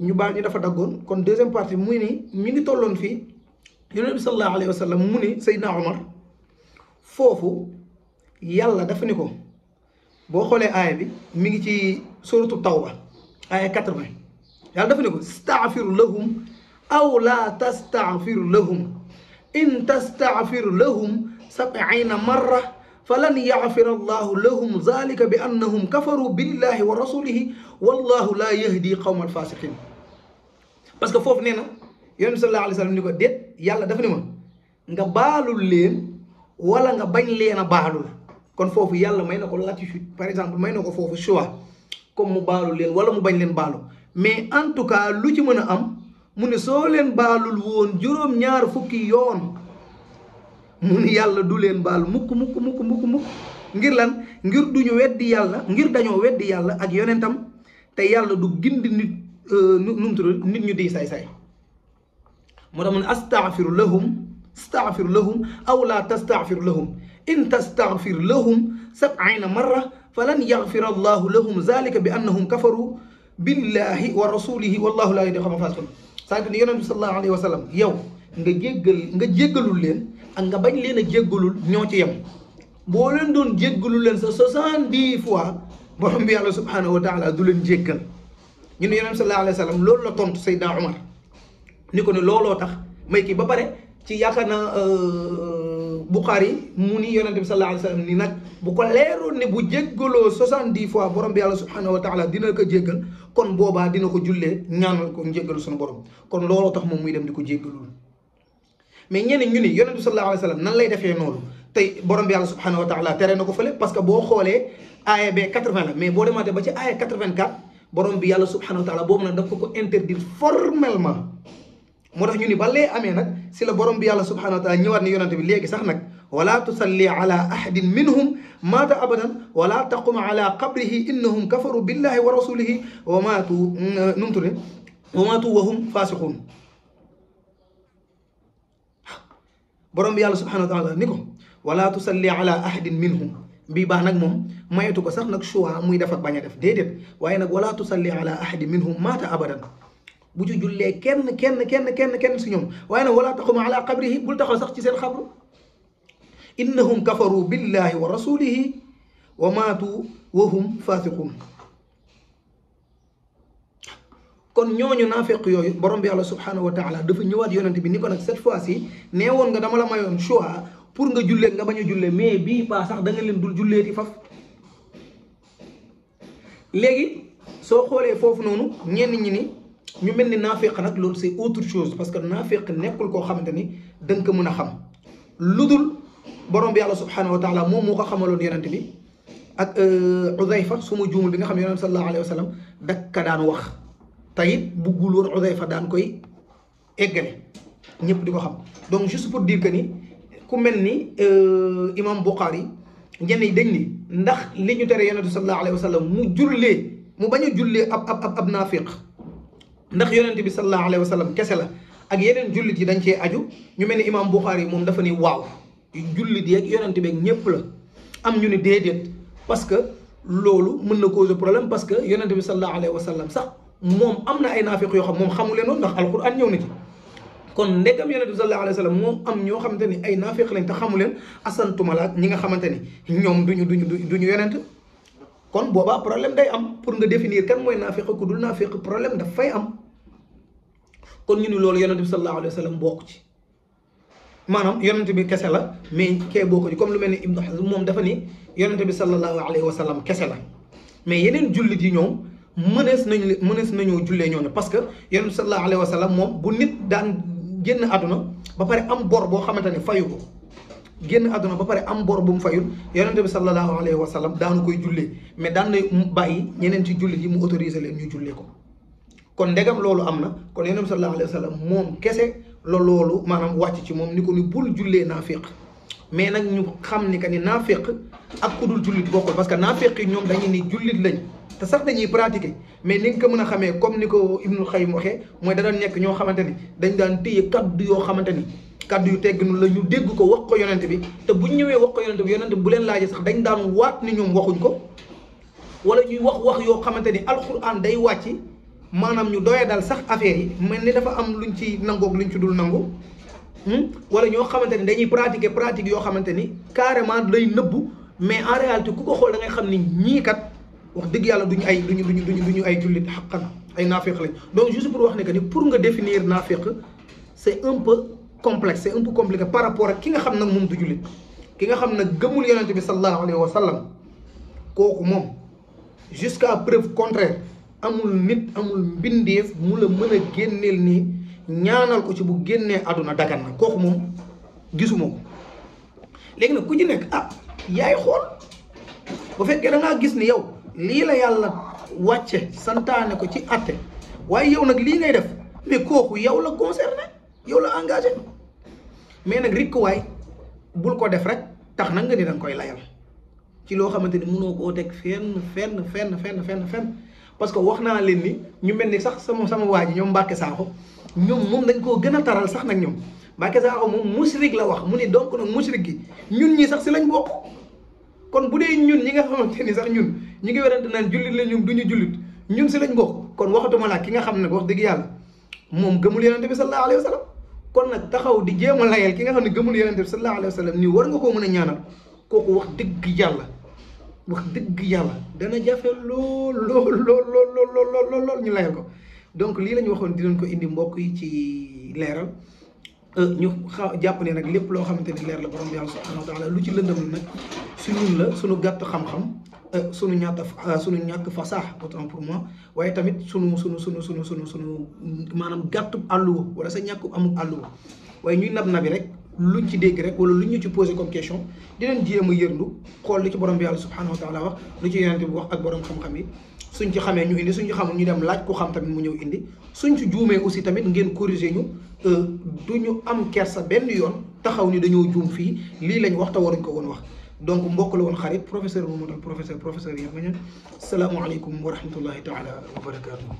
ñu baal ñi dafa daggoon kon deuxième partie muy ni mi ngi tollon fi yunus bi sallallahu alayhi wasallam mu ni Seydina umar fofu yàlla dafa ni ko boo xoolee aaya bi mi ngi ci suratu tawba aaya 80 yàlla dafa ni ko staafir lahum aw la tastaafir lahum in tastaafir lahum sab'ina marra فلن يغفر الله لهم ذلك بأنهم كفروا بالله ورسوله والله لا يهدي قوم الفاسقين parce que foofu nee na yonent sallallahu alayhi wa sallam ni ko déet yàlla dafa ni ma nga baalul leen wala nga bañ leen a baalul kon foofu yàlla may na ko latitude par exemple may na ko foofu choix comme mu baalul leen wala mu bañ leen baalu mais en tout cas lu ci mën a am mu ne soo leen baalul woon juróom-ñaar fukki yoon mu ni yàlla du leen baal mukk mukk mukk mukk mukk ngir lan ngir duñu weddi yàlla ngir dañoo weddi yàlla ak yonentam te yàlla du gindi nit nu mu nit ñu di say say moo tax mu ne astaghfiru lahum astaghfir lahum aw la tastaghfir lahum in tastaghfir lahum sab'ina marra falan yaghfira allahu lahum zalika bi annahum kafaru billahi wa rasulihi wallahu la yahdi qawma fasiqin saa ni yonent bi sallallahu alayhi wa sallam yow nga jéggal nga jéggalul leen ak nga bañ leena djeggulul jéggalul ñoo ci yam bo leen doon djeggulul leen sa 70 fois borom bi yàlla subhanahu wa taala du leen djeggal ñun yaron sallallahu alayhi wasallam loolu la tontu sayda omar ni ko ne looloo tax may ki ba pare ci yakana euh bukhari muni yaron nabi sallallahu alayhi wasallam ni nak bu ko leeru ni bu djeggulo 70 fois borom bi yàlla subhanahu wa taala dina ko djeggal kon boba dina ko julle ñaanal ko djeggal sunu borom kon loolo tax mom muy dem diko ko mais ñene ñuni ni sallallahu alayhi wasallam nan lay defé nonu tay borom bi yàlla subhanahu wa taala tere nako ko fële parce que bo xolé aya be 80 mais bo demaatee ba ci aya 84 borom bi yàlla subhanahu wa taala boobu nag daf ko interdire formellement moo tax ñu ni ba lee amee nag si la borom bi yàlla subhanahu wa taala ñëwaat ni yonent bi légui sax nak ولا تصلي على احد منهم مات ابدا ولا تقم على قبره انهم كفروا بالله ورسوله وماتوا wa وماتوا وهم فاسقون borom bi yàlla subhanahu wa taala ni ko wala tusalli ala ahadin minhum bii baax nag moom mayetu ko sax nag choix muy def ak bañ a def déedéet waaye nag wala tusalli ala ahadin minhum maata abadan bu ci jullee kenn kenn kenn kenn kenn si ñoom waaye nag wala taqum ala qabrihi bul taxaw sax ci seen xabru innahum kafaru billahi wa rasulihi wa maatu wa hum fasiqun kon ñooñu nafiq yooyu borom bi allah subhanahu wa taala dafa ñëwaat yonent bi ni ko nak cette fois ci nee nga dama la mayon choix pour nga julle nga bañ julle mais bi pas sax da nga leen dul julle ti faf léegi so xolé fofu nonu ñen ñi ni ñu melni nafiq nak lool c'est autre chose parce que nafiq nekkul ko xamanteni ni da nga ko mën xam ludul borom bi allah subhanahu wa taala mo moko xamalon yonent bi ak Udayfa su ma juumul bi nga xam yonent sallallahu alayhi wasallam dak ka daan wax tey buggul woon Xudayfa daan koy eggale ñëpp di ko xam donc juste pour dire que ni ku mel ni euh, imam Bukhari ñenn yi dañ ni ndax li ñu tere yonente sallallahu alayhi wa sallam mu jullee mu bañ a jullee ab ab ab naafiq ndax yonente bi sallallahu alayhi wa kese la ak yeneen jullit yi dañ cee aju ñu mel ni imam Bukhari moom dafa ni waaw jullit yeeg yonente beeg ñëpp la am ñu ni déedéet parce que loolu mën na cause problème parce que yonente bi sallallahu alayhi wa sax moom am na ay naafiq yoo xam moom xamu leen woon ndax alquran ñëw na ci kon ndegam yonent bi sallallahu alayhi wa moom am ñoo xamante ni ay naafiq lañ te xamu leen asantumalaat ñi nga xamante ni ñoom duñu duñu duñu yonent kon boobaa problème day am pour nga définir kan mooy naafiq ku dul naafiq problème daf fay am kon ñu ni loolu yonent bi sallallahu alayhi wa sallam bokk ci maanaam yonent bi kese la mais kee bokk comme lu mel ni Ibnu Hazm moom dafa ni yonent bi sallallahu alayhi wa sallam kese la mais yeneen jullit yi ñoom mënees nañ leen mënees nañoo jullee ñooñu parce que yonent sallallahu alayhi wa sallam moom bu nit daan génn àdduna ba pare am bor boo xamante ne fayu ko génn àdduna ba pare am bor bu mu fayul yonent bi sallallahu alayhi wa sallam daanu koy jullee mais daan na bàyyi ñeneen ci jullit yi mu autorisé leen ñu jullee ko. kon ndegam loolu am na kon yonent bi sa alayhi wa sallam moom kese la loolu maanaam wàcc ci moom ni ko ni bul jullee naafiq mais nag ñu xam ni que ni naaféq ak ku dul jullit bokkul parce que naaféq yi ñoom dañu ni jullit lañ te sax dañuy pratiquer mais ni nga ko mën a xamee comme ni ko Ibnu Xayyim waxee mooy da doon nekk ñoo xamante ni dañ daan téye kaddu yoo xamante ni kaddu yu tegginu la ñu dégg ko wax ko yonent bi te bu ñëwee wax ko yonent bi yonent bi bu leen laajee sax dañ daan waat ni ñoom waxuñ ko wala ñuy wax wax yoo xamante ni alxuraan day wàcc maanaam ñu doyee daal sax affaire yi mel ni dafa am luñ ci nangoog luñ ci dul nangu Hmm? wala ñoo xamanteni dañuy pratiquer pratique yo xamanteni carrément lay neub mais en réalité ku ko xool da ngay xamni ñi kat wax deug yalla duñ ay duñ duñ duñ duñ ay julit haqqan ay nafiq lañ donc juste pour wax ne que ni pour nga définir nafiq c'est un peu complexe c'est un peu compliqué par rapport ak ki nga xam nak mom du julit ki nga xam nak gëmul yaronte bi sallallahu alayhi wa sallam kooku jusqu'à preuve contraire amul nit amul bindef mu la meuna a ni ñaanal ko ci bu génnee àdduna dagan na kooku moom gisuma ko léegi nag ku ci nekk ah yaay xool bu fekkee da ngaa gis ni yow lii la yàlla wàcce santaane ko ci àtte waaye yow nag lii ngay def mais kooku yow la concerné yow la engagé mais nag rikkuwaay bul ko def rek tax na nga ni danga koy layal ci loo xamante ni mënoo koo teg fenn fenn fenn fenn fenn fenn parce que wax naa leen ni ñu mel ni sax sama sama ji ñoom Mbàkke Saaxo ñoom moom dañ koo gën a taral sax nag ñoom Mbacké Sakho moom musrik la wax mu ne donc nag musrik gi ñun ñi sax si lañ bokk kon bu dee ñun ñi nga xamante ni sax ñun ñu ngi werante naan jullit la ñun du ñu jullit ñun si lañ bokk kon waxatuma laa ki nga xam ne wax dëgg yàlla moom gëmul yonente bi sallallahu alayhi wa kon nag taxaw di jéem a layal ki nga xam ne gëmul yonente bi sallallahu alayhi wa nii war nga koo mën a kooku wax dëgg yàlla wax dëgg yàlla dana jafe lool lool lool lool lool lool lool ñu layal ko donc lii lañu waxoon di dinañ ko indi mbokk yi ci leeral euh, ñu xaw jàpp ne nag lépp loo xamante ni leer la borom yàlla subhanahu wa taala lu ci lëndam nag su ñun la suñu gàtt xam-xam euh, suñu euh, ñàkk suñu ñàkk fasaax autant pour waaye tamit suñu suñu suñu suñu suñu suñu maanaam gàttub àlluwa wala sa ñàkkub amul àlluwa waaye ñuy nab nabi rek luñ ci dégg rek wala luñ ñu ci posé comme question dinañ jéem a xool li ci borom bi yàlla subhanahu wa taala wax lu ci yonente bi wax ak borom xam-xam yi suñ ci xamé ñu indi suñ ci xamul ñu dem laaj ko xam tamit mu ñëw indi suñ ci joomé aussi tamit ngeen corriger ñu euh duñu am kersa benn yoon taxaw ni dañoo joom fi li lañ wax te waruñ ko woon wax donc mbokk la woon xarit professeur moom moo tax professeur professeur Yaxya Ñaŋ alaykum wa rahmatullahi taala wa barakatuh